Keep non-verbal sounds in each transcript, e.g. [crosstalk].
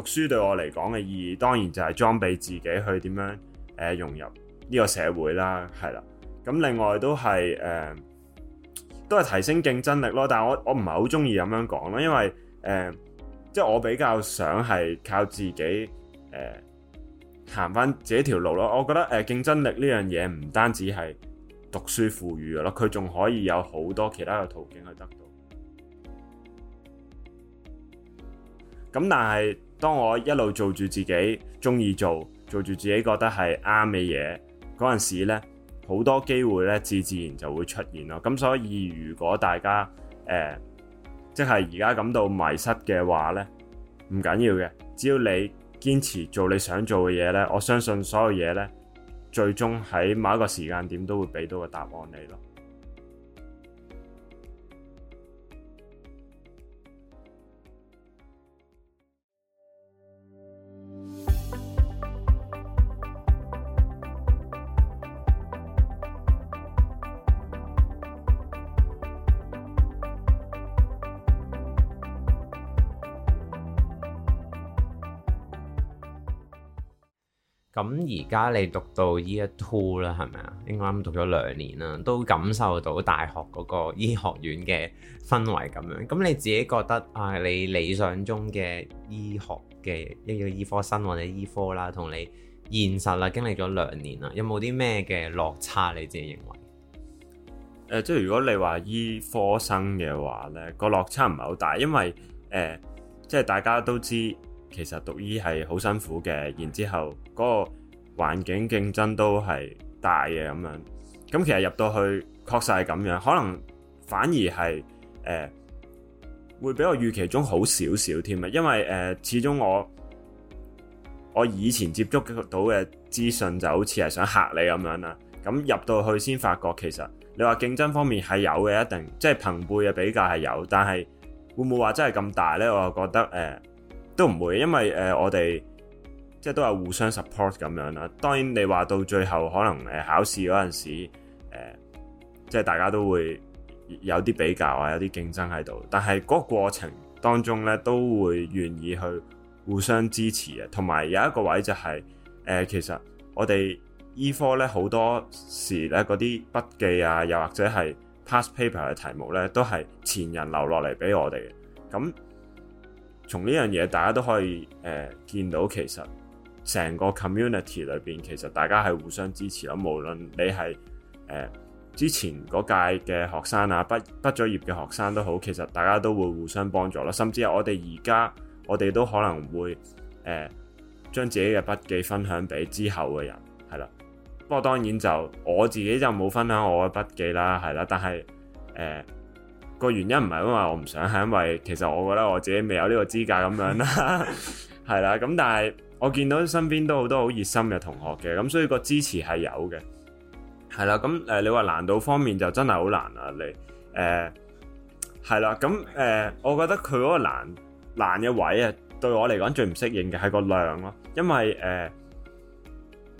讀書對我嚟講嘅意義，當然就係裝備自己去點樣誒融入呢個社會啦，係啦。咁另外都係誒，都係提升競爭力咯。但係我我唔係好中意咁樣講咯，因為誒，即係我比較想係靠自己誒行翻自己條路咯。我覺得誒競爭力呢樣嘢唔單止係讀書賦予嘅咯，佢仲可以有好多其他嘅途徑去得到。咁但係，當我一路做住自己鍾意做，做住自己覺得係啱嘅嘢嗰陣時呢，好多機會呢自自然就會出現咯。咁所以如果大家誒、呃、即係而家感到迷失嘅話呢，唔緊要嘅，只要你堅持做你想做嘅嘢呢，我相信所有嘢呢，最終喺某一個時間點都會俾到個答案你咯。咁而家你讀到 year two 啦，係咪啊應該啱讀咗兩年啦，都感受到大學嗰個醫學院嘅氛圍咁樣。咁你自己覺得啊，你理想中嘅醫學嘅一個醫科生或者醫科啦，同你現實啦，經歷咗兩年啦，有冇啲咩嘅落差？你自己認為？誒、呃，即係如果你、e、話醫科生嘅話咧，呢個落差唔係好大，因為誒，即、呃、係、就是、大家都知。其實讀醫係好辛苦嘅，然之後嗰個環境競爭都係大嘅咁樣。咁其實入到去確實係咁樣，可能反而係誒、呃、會比我預期中好少少添啊。因為誒、呃，始終我我以前接觸到嘅資訊就好似係想嚇你咁樣啦。咁入到去先發覺，其實你話競爭方面係有嘅，一定即係平輩嘅比較係有，但係會唔會話真係咁大呢？我就覺得誒、呃都唔會，因為誒、呃、我哋即係都係互相 support 咁樣啦。當然你話到最後，可能誒、呃、考試嗰陣時候、呃、即係大家都會有啲比較啊，有啲競爭喺度。但係個過程當中呢，都會願意去互相支持嘅。同埋有一個位就係、是、誒、呃，其實我哋醫科呢，好多時呢嗰啲筆記啊，又或者係 past paper 嘅題目呢，都係前人留落嚟俾我哋咁。從呢樣嘢，大家都可以誒、呃、見到，其實成個 community 裏邊，其實大家係互相支持咯。無論你係誒、呃、之前嗰屆嘅學生啊，畢畢咗業嘅學生都好，其實大家都會互相幫助咯。甚至我哋而家，我哋都可能會誒、呃、將自己嘅筆記分享俾之後嘅人，係啦。不過當然就我自己就冇分享我嘅筆記啦，係啦。但係誒、呃個原因唔係因為我唔想，係因為其實我覺得我自己未有呢個資格咁樣啦，係啦。咁但係我見到身邊都好多好熱心嘅同學嘅，咁所以個支持係有嘅，係啦。咁誒，你話難度方面就真係好難啦！你誒係啦。咁誒，我覺得佢嗰個難難嘅位啊，對我嚟講最唔適應嘅係個量咯，因為誒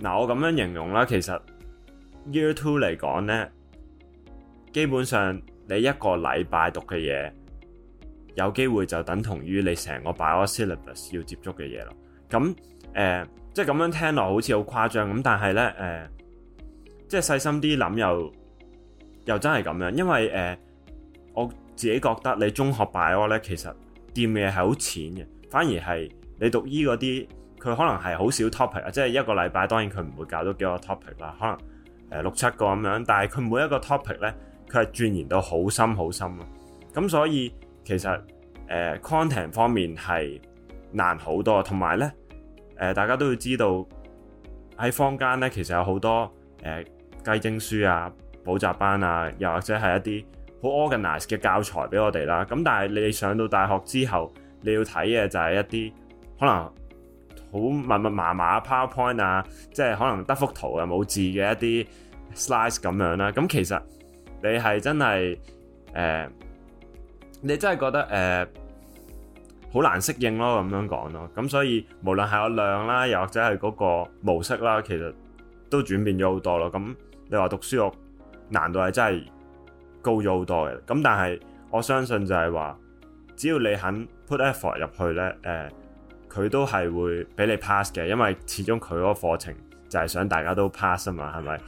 嗱，我咁樣形容啦，其實 year two 嚟講咧，基本上。你一個禮拜讀嘅嘢，有機會就等同於你成個 biology syllabus 要接觸嘅嘢咯。咁誒，即係咁樣聽落好似好誇張咁，但係呢，誒、呃，即係細心啲諗又又真係咁樣，因為誒、呃，我自己覺得你中學 biology 咧，其實掂嘅嘢係好淺嘅，反而係你讀醫嗰啲，佢可能係好少 topic 啊，即係一個禮拜，當然佢唔會教到幾個 topic 啦，可能六七個咁樣，但係佢每一個 topic 呢。佢係鑽研到好深好深啊。咁所以其實誒、呃、content 方面係難好多，同埋咧誒大家都要知道喺坊間咧，其實有好多誒雞、呃、精書啊、補習班啊，又或者係一啲好 organised 嘅教材俾我哋啦。咁但係你上到大學之後，你要睇嘅就係一啲可能好密密麻麻嘅 PowerPoint 啊，即、就、係、是、可能得幅圖啊，冇字嘅一啲 slice 咁樣啦。咁其實～你係真係誒、呃，你真係覺得誒好、呃、難適應咯，咁樣講咯。咁所以無論係個量啦，又或者係嗰個模式啦，其實都轉變咗好多咯。咁你話讀書學難度係真係高咗好多嘅。咁但係我相信就係話，只要你肯 put effort 入去咧，誒、呃，佢都係會俾你 pass 嘅。因為始終佢嗰個課程就係想大家都 pass 啊嘛，係咪？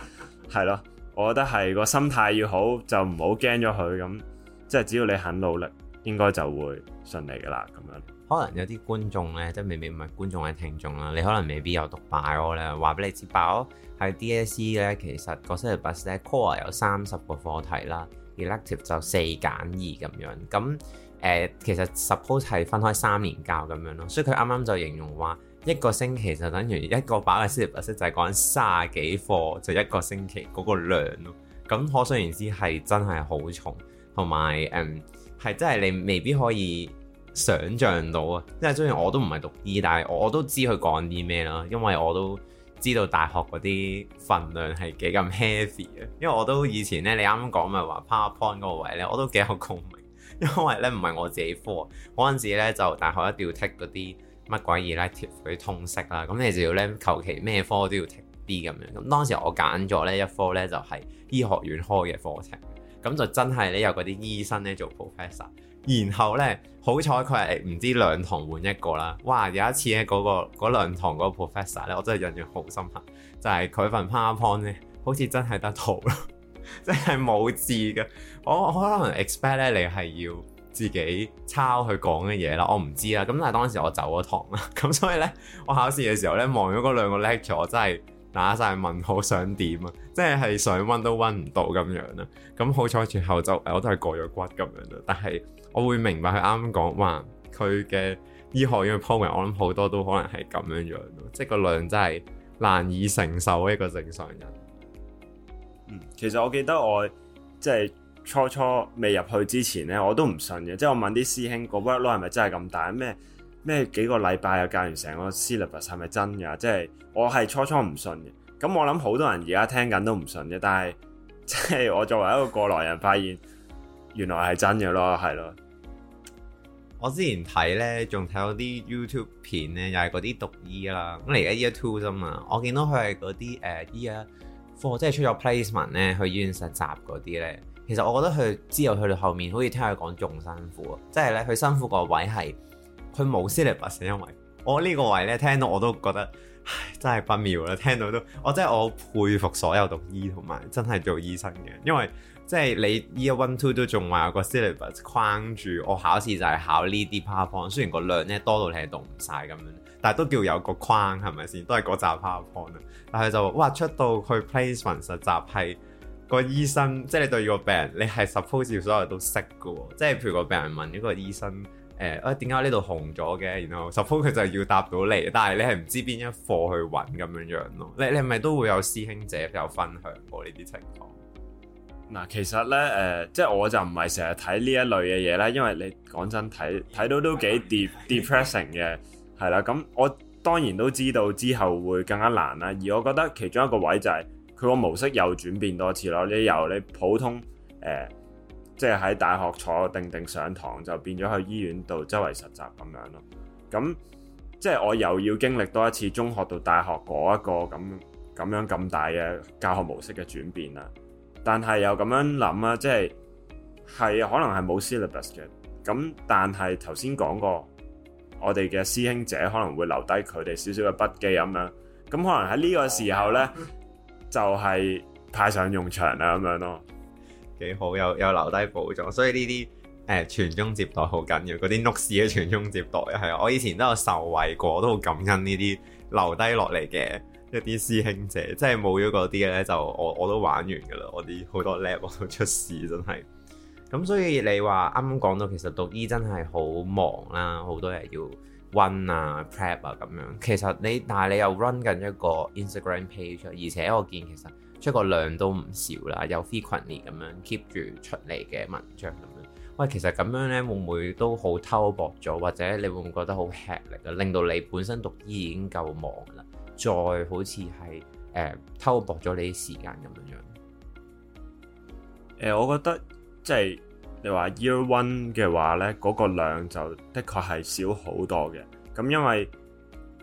係 [laughs] 咯。我覺得係個心態要好，就唔好驚咗佢咁，即係只要你肯努力，應該就會順利嘅啦咁樣。可能有啲觀眾咧，即係未必唔係觀眾嘅聽眾啦，你可能未必有讀 bio 咧，話俾你知 bio 喺 DSE 咧，其實個 Saturday Core 有三十個課題啦 elective 就四減二咁樣，咁誒、呃、其實 suppose 係分開三年教咁樣咯，所以佢啱啱就形容話。一個星期就等於一個把嘅 CPT，就係講三十幾課，就一個星期嗰個量咯。咁可想而知係真係好重，同埋誒係真係你未必可以想像到啊！因為雖然我都唔係讀醫，但係我都知佢講啲咩啦，因為我都知道大學嗰啲份量係幾咁 heavy 啊。因為我都以前咧，你啱啱講咪話 PowerPoint 嗰個位咧，我都幾有共鳴，因為咧唔係我自己科，嗰陣時咧就大學一定要 take 嗰啲。乜鬼嘢咧？貼嗰通識啦，咁你就要咧求其咩科都要停啲咁樣。咁當時我揀咗呢一科咧就係醫學院開嘅課程，咁就真係咧有嗰啲醫生咧做 professor。然後咧好彩佢係唔知兩堂換一個啦。哇！有一次咧嗰個嗰兩堂嗰個 professor 咧，我真係印象好深刻，就係佢份 powerpoint 咧好似真係得圖咯，即係冇字嘅。我我可能 expect 咧你係要。自己抄佢講嘅嘢啦，我唔知啦。咁但係當時我走咗堂啦，咁所以咧，我考試嘅時候咧望咗嗰兩個 lecture，我真係打晒問號，我想點啊？即係係想溫都溫唔到咁樣啦。咁好彩最後就我都係過咗骨咁樣啦。但係我會明白佢啱啱講話佢嘅醫學院嘅 program，我諗好多都可能係咁樣樣咯。即係個量真係難以承受一個正常人。嗯，其實我記得我即係。初初未入去之前咧，我都唔信嘅，即係我問啲師兄個 workload 係咪真係咁大？咩咩幾個禮拜又教完成個 cerebrum 係咪真噶？即係我係初初唔信嘅。咁我諗好多人而家聽緊都唔信嘅。但係即係我作為一個過來人，發現原來係真嘅咯，係咯。我之前睇咧，仲睇到啲 YouTube 片咧，又係嗰啲讀醫啦。咁你而家 year two 啫嘛，我見到佢係嗰啲誒 year four，即係出咗 placement 咧，去醫院實習嗰啲咧。其實我覺得佢之後去到後面，好似聽佢講仲辛苦啊！即係咧，佢辛苦個位係佢冇 syllabus，因為我呢個位咧聽到我都覺得唉，真係不妙啦！聽到都，我真係我佩服所有讀醫同埋真係做醫生嘅，因為即係、就是、你 year one two 都仲話有個 syllabus 框住，我考試就係考呢啲 PowerPoint，雖然個量咧多到你係讀唔晒咁樣，但係都叫有個框係咪先？都係嗰集 PowerPoint 啊！但係就挖出到去 placement 實習係。個醫生，即係你對個病人，你係 suppose 所有人都識嘅喎、哦，即係譬如個病人問一個醫生，誒、呃，啊點解呢度紅咗嘅？然後 you know? suppose 佢就要答到你，但係你係唔知邊一課去揾咁樣樣咯。你你係咪都會有師兄姐有分享過呢啲情況？嗱，其實咧誒、呃，即係我就唔係成日睇呢一類嘅嘢啦，因為你講真睇睇到都幾 depressing 嘅，係啦。咁 [laughs] 我當然都知道之後會更加難啦，而我覺得其中一個位就係、是。佢個模式又轉變多次咯，你由你普通誒、呃，即係喺大學坐定定上堂，就變咗去醫院度周圍實習咁樣咯。咁即係我又要經歷多一次中學到大學嗰一個咁咁樣咁大嘅教學模式嘅轉變啦。但係又咁樣諗啊，即係係可能係冇 syllabus 嘅。咁但係頭先講過，我哋嘅師兄姐可能會留低佢哋少少嘅筆記咁樣。咁可能喺呢個時候呢。就係派上用場啦咁樣咯。哦，幾好，有有留低保障，所以呢啲誒傳宗接代好緊要，嗰啲 notes 嘅傳宗接代係啊，我以前都有受惠過，我都好感恩呢啲留低落嚟嘅一啲師兄姐，即係冇咗嗰啲咧就我我都玩完㗎啦，我啲好多叻我都出事真係，咁所以你話啱啱講到其實讀醫真係好忙啦，好多嘢要。run 啊，prep 啊，咁樣，其實你，但係你又 run 緊一個 Instagram page，而且我見其實出個量都唔少啦，有 frequently 咁樣 keep 住出嚟嘅文章咁樣，喂，其實咁樣呢，會唔會都好偷薄咗，或者你會唔會覺得好吃力，令到你本身讀醫已經夠忙啦，再好似係誒偷薄咗你啲時間咁樣樣？誒、呃，我覺得即係。就是你話 year one 嘅話呢，嗰、嗰個量就的確係少好多嘅。咁因為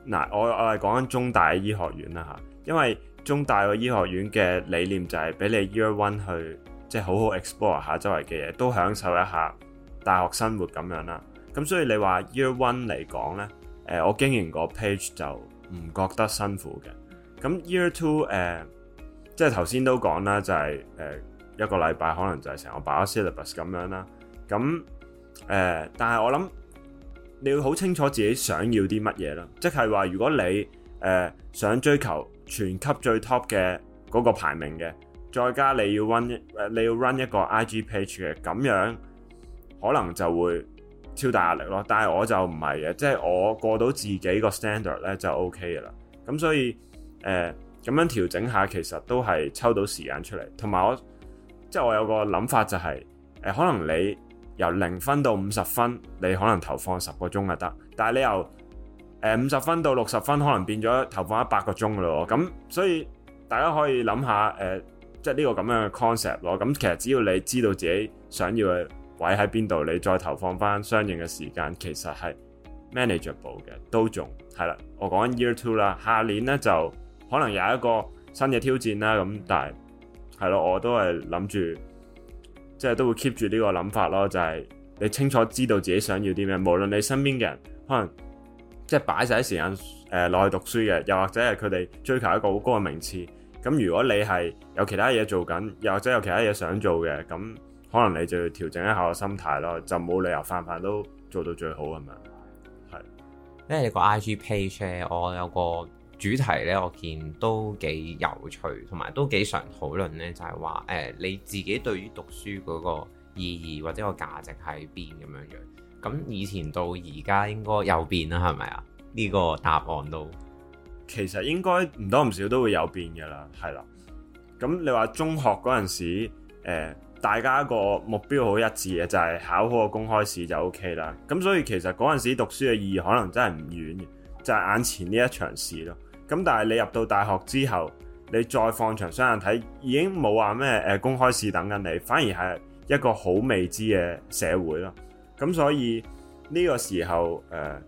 嗱，我我係講緊中大嘅醫學院啦嚇，因為中大嘅醫學院嘅理念就係俾你 year one 去即係好好 explore 下周圍嘅嘢，都享受一下大學生活咁樣啦。咁所以你話 year one 嚟講呢，誒、呃、我經營個 page 就唔覺得辛苦嘅。咁 year two 誒、呃，即係頭先都講啦，就係、係、誒。呃一個禮拜可能就係成個 bio syllabus 咁樣啦。咁誒、呃，但係我諗你要好清楚自己想要啲乜嘢啦。即係話，如果你誒想追求全級最 top 嘅嗰個排名嘅，再加你要 run 你要 run 一個 IG page 嘅，咁樣可能就會超大壓力咯。但係我就唔係嘅，即、就、係、是、我過到自己個 standard 咧就 OK 噶啦。咁所以誒咁、呃、樣調整一下，其實都係抽到時間出嚟，同埋我。即係我有個諗法就係、是，誒、呃、可能你由零分到五十分，你可能投放十個鐘就得，但係你由誒五十分到六十分，可能變咗投放一百個鐘咯，咁所以大家可以諗下，誒、呃、即係呢個咁樣嘅 concept 咯。咁、呃、其實只要你知道自己想要嘅位喺邊度，你再投放翻相應嘅時間，其實係 manageable 嘅，都仲係啦。我講 year two 啦，下年呢就可能有一個新嘅挑戰啦，咁但係。係咯，我都係諗住，即係都會 keep 住呢個諗法咯。就係、是、你清楚知道自己想要啲咩，無論你身邊嘅人可能即係擺晒啲時間誒落去讀書嘅，又或者係佢哋追求一個好高嘅名次。咁如果你係有其他嘢做緊，又或者有其他嘢想做嘅，咁可能你就要調整一下個心態咯，就冇理由反反都做到最好咁樣。係，因為個 I G page 我有個。主題呢，我見都幾有趣，同埋都幾常討論呢，就係話，誒你自己對於讀書嗰個意義或者個價值變咁樣樣。咁以前到而家應該有變啦，係咪啊？呢、這個答案都其實應該唔多唔少都會有變嘅啦，係啦。咁你話中學嗰陣時、呃，大家個目標好一致嘅，就係、是、考好個公開試就 O K 啦。咁所以其實嗰陣時讀書嘅意義可能真係唔遠，就係、是、眼前呢一場試咯。咁但係你入到大學之後，你再放長雙眼睇，已經冇話咩誒公開試等緊你，反而係一個好未知嘅社會咯。咁所以呢個時候誒、呃，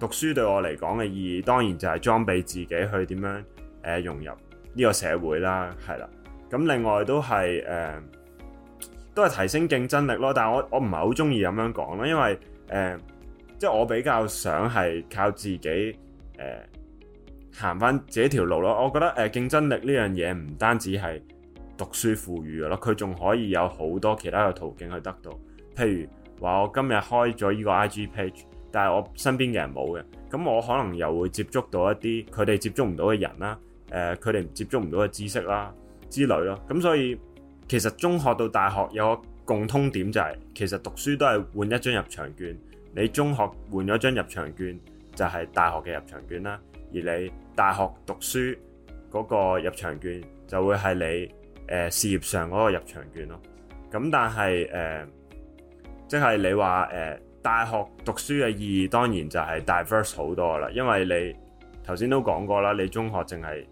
讀書對我嚟講嘅意義，當然就係裝備自己去點樣誒、呃、融入呢個社會啦，係啦。咁另外都係誒，都係提升競爭力咯。但係我我唔係好中意咁樣講咯，因為誒、呃，即係我比較想係靠自己誒。呃行翻這條路咯，我覺得誒競爭力呢樣嘢唔單止係讀書賦予嘅咯，佢仲可以有好多其他嘅途徑去得到。譬如話我今日開咗呢個 IG page，但係我身邊嘅人冇嘅，咁我可能又會接觸到一啲佢哋接觸唔到嘅人啦，誒佢哋接觸唔到嘅知識啦之類咯。咁所以其實中學到大學有個共通點就係其實讀書都係換一張入場券，你中學換咗張入場券就係大學嘅入場券啦，而你，大學讀書嗰個入場券就會係你誒、呃、事業上嗰個入場券咯。咁但係誒，即、呃、係、就是、你話誒、呃、大學讀書嘅意義，當然就係 diverse 好多啦。因為你頭先都講過啦，你中學淨係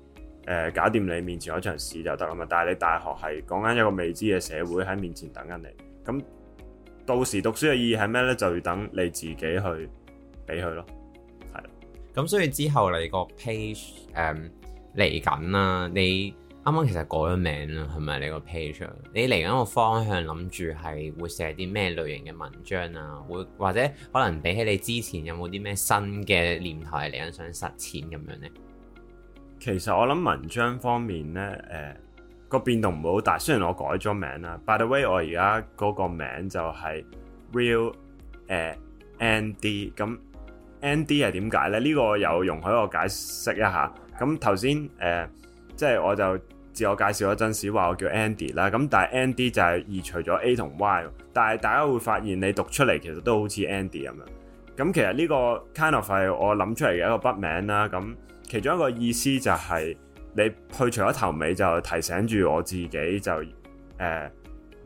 誒搞掂你面前嗰場試就得啦嘛。但係你大學係講緊一個未知嘅社會喺面前等緊你。咁到時讀書嘅意義係咩呢？就要等你自己去俾佢咯。咁所以之後你個 page 誒嚟緊啦，你啱啱其實改咗名啦，係咪你個 page？你嚟緊個方向諗住係會寫啲咩類型嘅文章啊？會或者可能比起你之前有冇啲咩新嘅念頭嚟緊想實踐咁樣咧？其實我諗文章方面咧，誒、呃、個變動唔好大。雖然我改咗名啦 [music] ，by the way 我而家嗰個名就係 real 誒、呃、ND 咁。Andy 係點解呢？呢、呢個有容許我解釋一下。咁頭先誒，即係我就自我介紹咗陣時，話我叫 Andy 啦。咁但係 Andy 就係移除咗 A 同 Y，但係大家會發現你讀出嚟其實都好似 Andy 咁樣。咁其實呢個 kind of 係我諗出嚟嘅一個筆名啦。咁其中一個意思就係你去除咗頭尾，就提醒住我自己就，就誒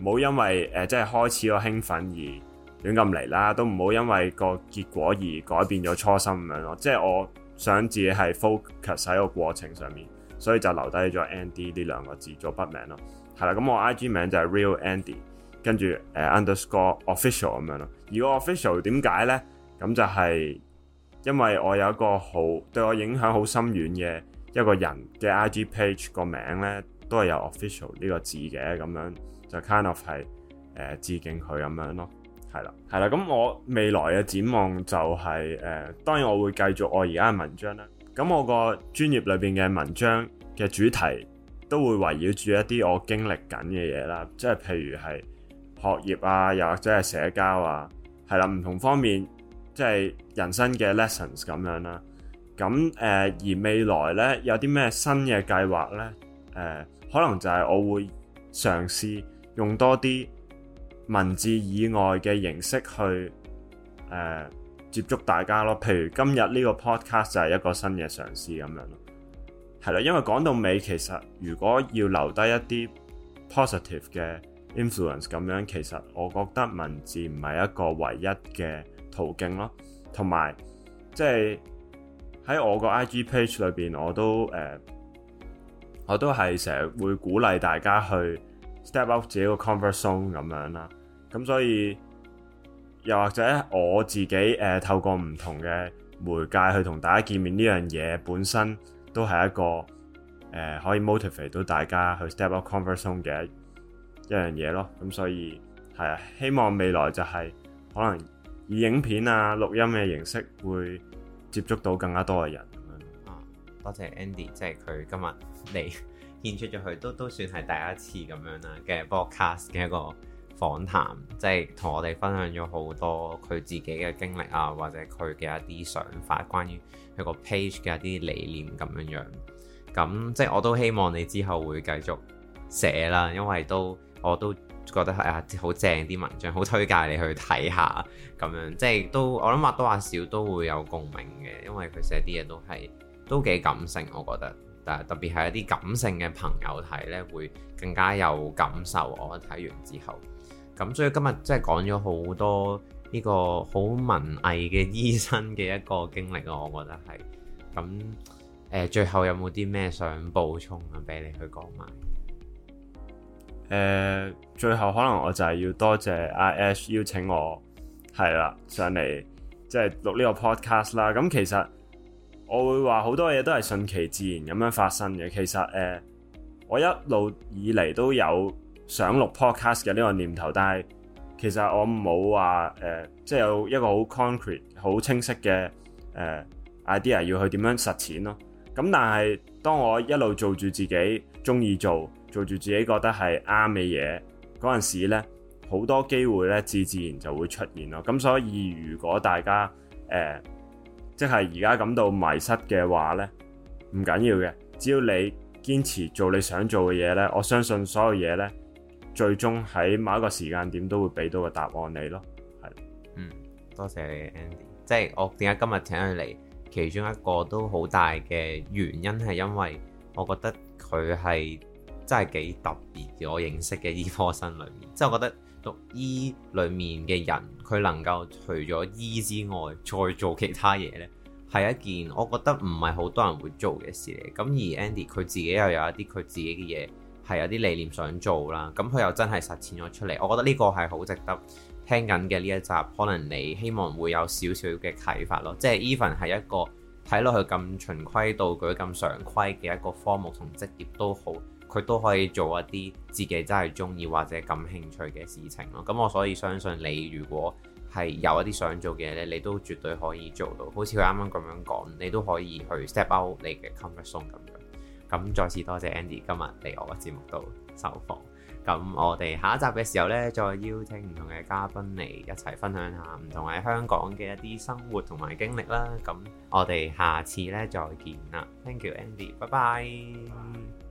冇因為誒、呃、即係開始咗興奮而。亂咁嚟啦，都唔好因為個結果而改變咗初心咁樣咯。即係我想自己係 focus 喺個過程上面，所以就留低咗 Andy 呢兩個字做筆名咯。係啦，咁我 I G 名就係 Real Andy，跟住、uh, Underscore Official 咁樣咯。而個 Official 點解呢？咁就係因為我有一個好對我影響好深遠嘅一個人嘅 I G page 個名呢，都係有 Official 呢個字嘅咁樣，就 kind of 係、uh, 致敬佢咁樣咯。係啦，係啦，咁我未來嘅展望就係、是、誒、呃，當然我會繼續我而家嘅文章啦。咁我個專業裏邊嘅文章嘅主題都會圍繞住一啲我經歷緊嘅嘢啦，即係譬如係學業啊，又或者係社交啊，係啦，唔同方面即係人生嘅 lessons 咁樣啦。咁誒、呃，而未來呢，有啲咩新嘅計劃呢？誒、呃，可能就係我會嘗試用多啲。文字以外嘅形式去誒、呃、接觸大家咯，譬如今日呢個 podcast 就係一個新嘅嘗試咁樣咯，係咯，因為講到尾其實如果要留低一啲 positive 嘅 influence 咁樣，其實我覺得文字唔係一個唯一嘅途徑咯，同埋即係喺我個 IG page 裏邊我都誒、呃、我都係成日會鼓勵大家去 step out 自己個 comfort zone 咁樣啦。咁所以，又或者我自己誒、呃、透過唔同嘅媒介去同大家見面呢樣嘢，本身都係一個誒、呃、可以 motivate 到大家去 step up conversation 嘅一樣嘢咯。咁所以係啊，希望未來就係、是、可能以影片啊錄音嘅形式，會接觸到更加多嘅人咁樣，啊、多謝 Andy，即係佢今日嚟獻出咗佢，都都算係第一次咁樣啦嘅 broadcast 嘅一個。訪談，即係同我哋分享咗好多佢自己嘅經歷啊，或者佢嘅一啲想法，關於佢個 page 嘅一啲理念咁樣樣。咁即係我都希望你之後會繼續寫啦，因為都我都覺得係啊，好正啲文章，好推介你去睇下咁樣。即係都我諗或多或少都會有共鳴嘅，因為佢寫啲嘢都係都幾感性，我覺得。但係特別係一啲感性嘅朋友睇呢，會更加有感受。我睇完之後。咁所以今日即係講咗好多呢個好文藝嘅醫生嘅一個經歷啊，我覺得係。咁誒、呃，最後有冇啲咩想補充啊？俾你去講埋。誒、呃，最後可能我就係要多謝 i s 邀請我，係、就是、啦，上嚟即係錄呢個 podcast 啦。咁其實我會話好多嘢都係順其自然咁樣發生嘅。其實誒、呃，我一路以嚟都有。想錄 podcast 嘅呢個念頭，但係其實我冇話誒，即係有一個好 concrete 好清晰嘅誒 idea 要去點樣實踐咯。咁但係當我一路做住自己中意做，做住自己覺得係啱嘅嘢嗰陣時咧，好多機會咧自自然就會出現咯。咁所以如果大家誒即係而家感到迷失嘅話呢，唔緊要嘅，只要你堅持做你想做嘅嘢呢，我相信所有嘢呢。最終喺某一個時間點都會俾到個答案你咯，係。嗯，多謝 Andy。即係我點解今日請佢嚟，其中一個都好大嘅原因係因為我覺得佢係真係幾特別，我認識嘅醫科生裏面。即係我覺得讀醫裡面嘅人，佢能夠除咗醫之外，再做其他嘢咧，係一件我覺得唔係好多人會做嘅事嚟。咁而 Andy 佢自己又有一啲佢自己嘅嘢。係有啲理念想做啦，咁佢又真係實踐咗出嚟。我覺得呢個係好值得聽緊嘅呢一集，可能你希望會有少少嘅啟發咯。即係 even 係一個睇落去咁循規蹈矩、咁常規嘅一個科目同職業都好，佢都可以做一啲自己真係中意或者感興趣嘅事情咯。咁我所以相信你，如果係有一啲想做嘅嘢咧，你都絕對可以做到。好似佢啱啱咁樣講，你都可以去 step out 你嘅 comfort zone 咁。咁再次多謝 Andy 今日嚟我嘅節目度受訪。咁我哋下一集嘅時候呢，再邀請唔同嘅嘉賓嚟一齊分享下唔同喺香港嘅一啲生活同埋經歷啦。咁我哋下次呢，再見啦。Thank you Andy，拜拜。